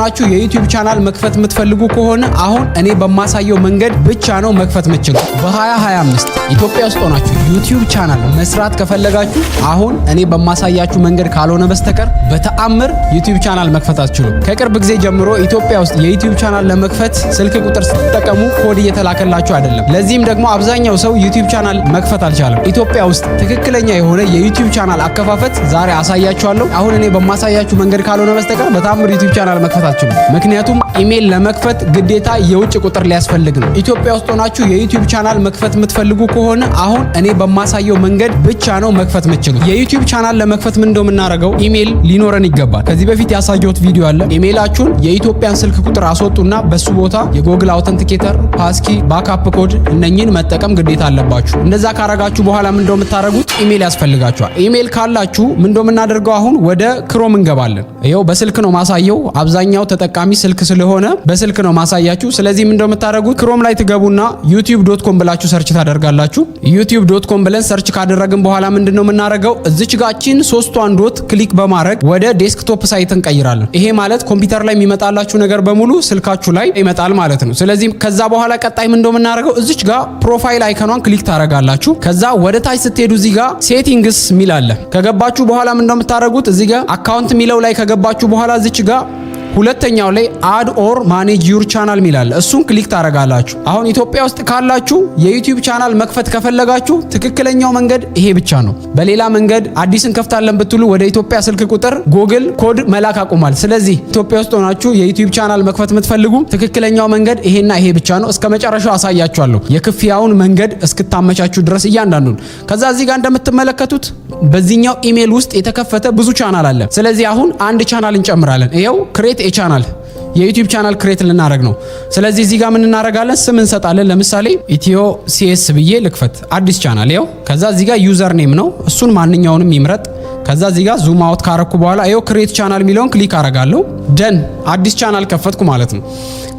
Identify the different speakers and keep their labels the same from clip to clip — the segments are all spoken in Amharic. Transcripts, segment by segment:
Speaker 1: ናችሁ የዩቲዩብ ቻናል መክፈት የምትፈልጉ ከሆነ አሁን እኔ በማሳየው መንገድ ብቻ ነው መክፈት የምትችሉ። በ2025 ኢትዮጵያ ውስጥ ሆናችሁ ዩቲዩብ ቻናል መስራት ከፈለጋችሁ አሁን እኔ በማሳያችሁ መንገድ ካልሆነ በስተቀር በተአምር ዩቲዩብ ቻናል መክፈት አትችሉም። ከቅርብ ጊዜ ጀምሮ ኢትዮጵያ ውስጥ የዩቲዩብ ቻናል ለመክፈት ስልክ ቁጥር ስትጠቀሙ ኮድ እየተላከላችሁ አይደለም። ለዚህም ደግሞ አብዛኛው ሰው ዩቲዩብ ቻናል መክፈት አልቻለም። ኢትዮጵያ ውስጥ ትክክለኛ የሆነ የዩቲዩብ ቻናል አከፋፈት ዛሬ አሳያችኋለሁ። አሁን እኔ በማሳያችሁ መንገድ ካልሆነ በስተቀር በተአምር ዩቲዩብ ቻናል መክፈት አትችሉም። ምክንያቱም ኢሜይል ለመክፈት ግዴታ የውጭ ቁጥር ሊያስፈልግ ነው። ኢትዮጵያ ውስጥ ሆናችሁ የዩቲዩብ ቻናል መክፈት የምትፈልጉ ከሆነ አሁን እኔ በማሳየው መንገድ ብቻ ነው መክፈት የምትችሉ። የዩቲዩብ ቻናል ለመክፈት ምን እንደምናደርገው ኢሜይል ሊኖረን ይገባል። ከዚህ በፊት ያሳየሁት ቪዲዮ አለ። ኢሜይላችሁን የኢትዮጵያን ስልክ ቁጥር አስወጡና በሱ ቦታ የጎግል አውተንቲኬተር፣ ፓስኪ፣ ባክአፕ ኮድ እነኚህን መጠቀም ግዴታ አለባችሁ። እንደዛ ካረጋችሁ በኋላ ምን እንደምታደርጉት ኢሜይል ያስፈልጋችኋል። ኢሜይል ካላችሁ ምን እንደምናደርገው አሁን ወደ ክሮም እንገባለን። ይኸው በስልክ ነው ማሳየው አብዛኛው አብዛኛው ተጠቃሚ ስልክ ስለሆነ በስልክ ነው ማሳያችሁ። ስለዚህ ምን እንደምታደርጉት ክሮም ላይ ትገቡና ዩቲዩብ ዶት ኮም ብላችሁ ሰርች ታደርጋላችሁ። ዩቲዩብ ዶት ኮም ብለን ሰርች ካደረግን በኋላ ምንድን ነው የምናደርገው? እዚች ጋችን ሶስቷን ዶት ክሊክ በማድረግ ወደ ዴስክቶፕ ሳይት እንቀይራለን። ይሄ ማለት ኮምፒውተር ላይ የሚመጣላችሁ ነገር በሙሉ ስልካችሁ ላይ ይመጣል ማለት ነው። ስለዚህ ከዛ በኋላ ቀጣይ ምን እንደው የምናደርገው እዚች ጋር ፕሮፋይል አይከኗን ክሊክ ታደርጋላችሁ። ከዛ ወደ ታች ስትሄዱ እዚህ ጋር ሴቲንግስ ሚል አለ። ከገባችሁ በኋላ ምን እንደምታደርጉት እዚህ ጋር አካውንት ሚለው ላይ ከገባችሁ በኋላ እዚች ጋር ሁለተኛው ላይ አድ ኦር ማኔጅ ዩር ቻናል ሚላል እሱን ክሊክ ታረጋላችሁ። አሁን ኢትዮጵያ ውስጥ ካላችሁ የዩቲዩብ ቻናል መክፈት ከፈለጋችሁ ትክክለኛው መንገድ ይሄ ብቻ ነው። በሌላ መንገድ አዲስ እንከፍታለን ብትሉ ወደ ኢትዮጵያ ስልክ ቁጥር ጉግል ኮድ መላክ አቁሟል። ስለዚህ ኢትዮጵያ ውስጥ ሆናችሁ የዩቲዩብ ቻናል መክፈት የምትፈልጉ ትክክለኛው መንገድ ይሄና ይሄ ብቻ ነው። እስከ መጨረሻው አሳያችኋለሁ የክፍያውን መንገድ እስክታመቻችሁ ድረስ እያንዳንዱን። ከዛ እዚህ ጋር እንደምትመለከቱት በዚህኛው ኢሜል ውስጥ የተከፈተ ብዙ ቻናል አለ። ስለዚህ አሁን አንድ ቻናል እንጨምራለን። ይኸው ክሬት ክሬት ኤ ቻናል የዩቲዩብ ቻናል ክሬት ልናደረግ ነው። ስለዚህ እዚህ ጋር ምን ስም እንሰጣለን። ለምሳሌ ኢትዮ ሲኤስ ብዬ ልክፈት አዲስ ቻናል ይኸው ከዛ እዚህ ጋር ዩዘር ኔም ነው። እሱን ማንኛውንም ይምረጥ። ከዛ እዚህ ጋር ዙም አውት ካረኩ በኋላ ይኸው ክሬት ቻናል የሚለውን ክሊክ አረጋለሁ። ደን አዲስ ቻናል ከፈትኩ ማለት ነው።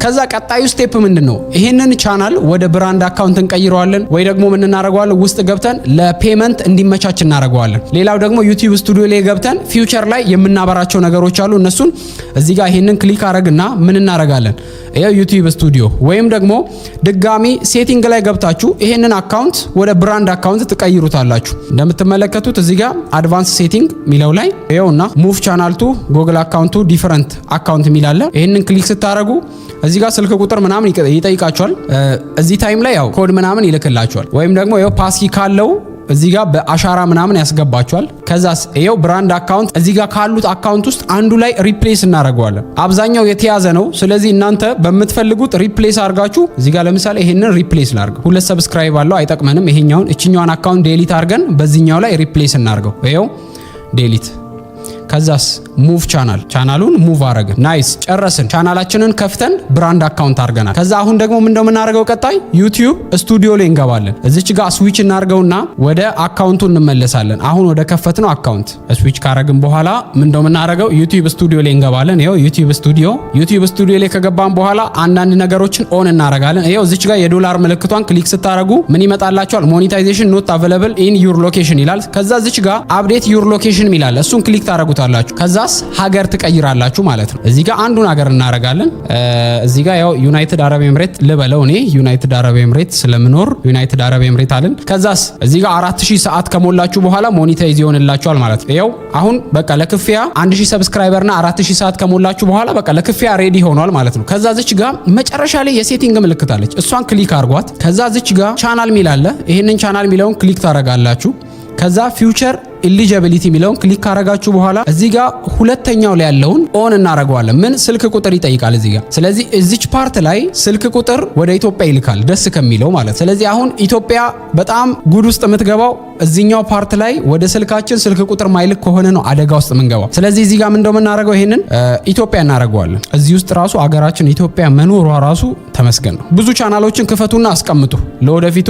Speaker 1: ከዛ ቀጣዩ ስቴፕ ምንድን ነው? ይህንን ቻናል ወደ ብራንድ አካውንት እንቀይረዋለን ወይ ደግሞ ምን እናደርገዋለን? ውስጥ ገብተን ለፔመንት እንዲመቻች እናደርገዋለን። ሌላው ደግሞ ዩቲዩብ ስቱዲዮ ላይ ገብተን ፊውቸር ላይ የምናበራቸው ነገሮች አሉ። እነሱን እዚህ ጋር ይህንን ክሊክ አረግና ምን እናደርጋለን? ይኸው ዩቲዩብ ስቱዲዮ ወይም ደግሞ ድጋሚ ሴቲንግ ላይ ገብታችሁ ይህንን አካውንት ወደ ብራንድ አካውንት ትቀይሩታላችሁ። እንደምትመለከቱት እዚህ ጋር አድቫንስ ሴቲንግ ሚለው ላይ ይኸውና ሙቭ ቻናልቱ ጎግል አካውንቱ ዲፈረንት አካውንት ሚላለ ይህንን ክሊክ ስታደረጉ እዚህ ጋር ስልክ ቁጥር ምናምን ይጠይቃቸዋል። እዚህ ታይም ላይ ያው ኮድ ምናምን ይልክላቸዋል ወይም ደግሞ ፓስኪ ካለው እዚህ ጋር በአሻራ ምናምን ያስገባቸዋል። ከዛስ ይኸው ብራንድ አካውንት እዚህ ጋር ካሉት አካውንት ውስጥ አንዱ ላይ ሪፕሌስ እናደርገዋለን። አብዛኛው የተያዘ ነው። ስለዚህ እናንተ በምትፈልጉት ሪፕሌስ አድርጋችሁ እዚህ ጋር ለምሳሌ ይሄንን ሪፕሌስ ላርገ ሁለት ሰብስክራይብ አለው አይጠቅመንም። ይሄኛውን እችኛዋን አካውንት ዴሊት አድርገን በዚህኛው ላይ ሪፕሌስ እናርገው። ይኸው ዴሊት ከዛስ ሙቭ ቻናል ቻናሉን ሙቭ አረግን። ናይስ ጨረስን። ቻናላችንን ከፍተን ብራንድ አካውንት አድርገናል። ከዛ አሁን ደግሞ እንደምናደርገው ቀጣይ ዩቲዩብ ስቱዲዮ ላይ እንገባለን። እዚች ጋር ስዊች እናርገውና ወደ አካውንቱ እንመለሳለን። አሁን ወደ ከፈት ነው አካውንት ስዊች ካረግን በኋላ ምን እንደምናደርገው ዩቲዩብ ስቱዲዮ ላይ እንገባለን። ይኸው ዩቲዩብ ስቱዲዮ ዩቲዩብ ስቱዲዮ ላይ ከገባን በኋላ አንዳንድ ነገሮችን ኦን እናረጋለን። ይኸው እዚች ጋር የዶላር ምልክቷን ክሊክ ስታረጉ ምን ይመጣላቸዋል? ሞኔታይዜሽን ኖት አቬለብል ኢን ዩር ሎኬሽን ይላል። ከዛ እዚች ጋር አፕዴት ዩር ሎኬሽን ይላል። እሱን ክሊክ ታረጉታል ታደርጋላችሁ። ከዛስ ሀገር ትቀይራላችሁ ማለት ነው። እዚህ ጋር አንዱን ሀገር እናደርጋለን። እዚህ ጋር ያው ዩናይትድ አረብ ኤምሬት ልበለው እኔ ዩናይትድ አረብ ኤምሬት ስለምኖር ዩናይትድ አረብ ኤምሬት አለን። ከዛስ እዚህ ጋር 4000 ሰዓት ከሞላችሁ በኋላ ሞኒታይዝ ይሆንላችኋል ማለት ነው። ያው አሁን በቃ ለክፍያ 1000 ሰብስክራይበር እና 4000 ሰዓት ከሞላችሁ በኋላ በቃ ለክፍያ ሬዲ ሆኗል ማለት ነው። ከዛ ዝች ጋር መጨረሻ ላይ የሴቲንግ ምልክት አለች። እሷን ክሊክ አድርጓት። ከዛ ዝች ጋር ቻናል ሚል አለ። ይሄንን ቻናል ሚለውን ክሊክ ታደርጋላችሁ። ከዛ ፊውቸር ኢሊጀቢሊቲ የሚለውን ክሊክ ካረጋችሁ በኋላ እዚህ ጋር ሁለተኛው ላይ ያለውን ኦን እናደርገዋለን። ምን ስልክ ቁጥር ይጠይቃል እዚህ ጋር። ስለዚህ እዚች ፓርት ላይ ስልክ ቁጥር ወደ ኢትዮጵያ ይልካል፣ ደስ ከሚለው ማለት። ስለዚህ አሁን ኢትዮጵያ በጣም ጉድ ውስጥ የምትገባው እዚኛው ፓርት ላይ ወደ ስልካችን ስልክ ቁጥር ማይልክ ከሆነ ነው አደጋ ውስጥ የምንገባው። ስለዚህ እዚህ ጋር ምንደው የምናደርገው ይሄንን ኢትዮጵያ እናደርገዋለን። እዚህ ውስጥ ራሱ አገራችን ኢትዮጵያ መኖሯ ራሱ ተመስገን ነው። ብዙ ቻናሎችን ክፈቱና አስቀምጡ ለወደፊቱ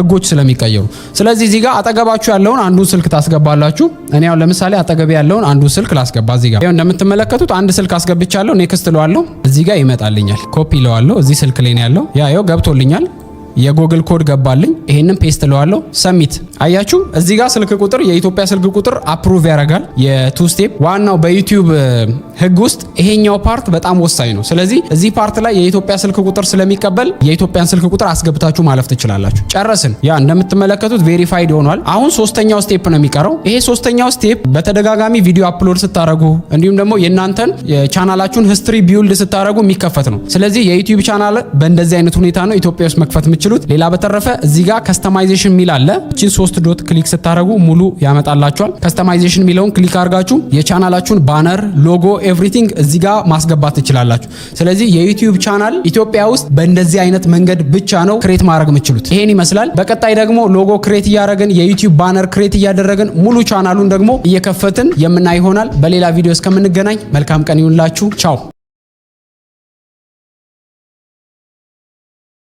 Speaker 1: ህጎች ስለሚቀየሩ። ስለዚህ እዚህ ጋር አጠገባችሁ ያለውን አንዱን ስልክ ታስገባ ታስገባላችሁ። እኔ ያው ለምሳሌ አጠገቤ ያለውን አንዱ ስልክ ላስገባ። እዚህ ጋር እንደምትመለከቱት አንድ ስልክ አስገብቻለሁ። ኔክስት ለዋለሁ። እዚህ ጋር ይመጣልኛል። ኮፒ ለዋለሁ። እዚህ ስልክ ላይ ነው ያለው። ያየው ገብቶልኛል። የጎግል ኮድ ገባልኝ። ይሄንን ፔስት ለዋለሁ። ሰሚት አያችሁ እዚህ ጋር ስልክ ቁጥር የኢትዮጵያ ስልክ ቁጥር አፕሩቭ ያደርጋል። የቱ ስቴፕ ዋናው በዩቲዩብ ህግ ውስጥ ይሄኛው ፓርት በጣም ወሳኝ ነው። ስለዚህ እዚህ ፓርት ላይ የኢትዮጵያ ስልክ ቁጥር ስለሚቀበል የኢትዮጵያን ስልክ ቁጥር አስገብታችሁ ማለፍ ትችላላችሁ። ጨረስን። ያ እንደምትመለከቱት ቬሪፋይድ ሆኗል። አሁን ሶስተኛው ስቴፕ ነው የሚቀረው። ይሄ ሶስተኛው ስቴፕ በተደጋጋሚ ቪዲዮ አፕሎድ ስታደረጉ፣ እንዲሁም ደግሞ የእናንተን የቻናላችሁን ሂስትሪ ቢውልድ ስታደረጉ የሚከፈት ነው። ስለዚህ የዩቲዩብ ቻናል በእንደዚህ አይነት ሁኔታ ነው ኢትዮጵያ ውስጥ መክፈት የምችሉት። ሌላ በተረፈ እዚህ ጋር ከስተማይዜሽን የሚል አለ ሶስት ዶት ክሊክ ስታደረጉ ሙሉ ያመጣላችኋል። ከስተማይዜሽን የሚለውን ክሊክ አድርጋችሁ የቻናላችሁን ባነር፣ ሎጎ፣ ኤቭሪቲንግ እዚህ ጋር ማስገባት ትችላላችሁ። ስለዚህ የዩቲዩብ ቻናል ኢትዮጵያ ውስጥ በእንደዚህ አይነት መንገድ ብቻ ነው ክሬት ማድረግ የምችሉት። ይሄን ይመስላል። በቀጣይ ደግሞ ሎጎ ክሬት እያደረግን የዩቲዩብ ባነር ክሬት እያደረግን ሙሉ ቻናሉን ደግሞ እየከፈትን የምናይ ይሆናል። በሌላ ቪዲዮ እስከምንገናኝ መልካም ቀን ይሁንላችሁ። ቻው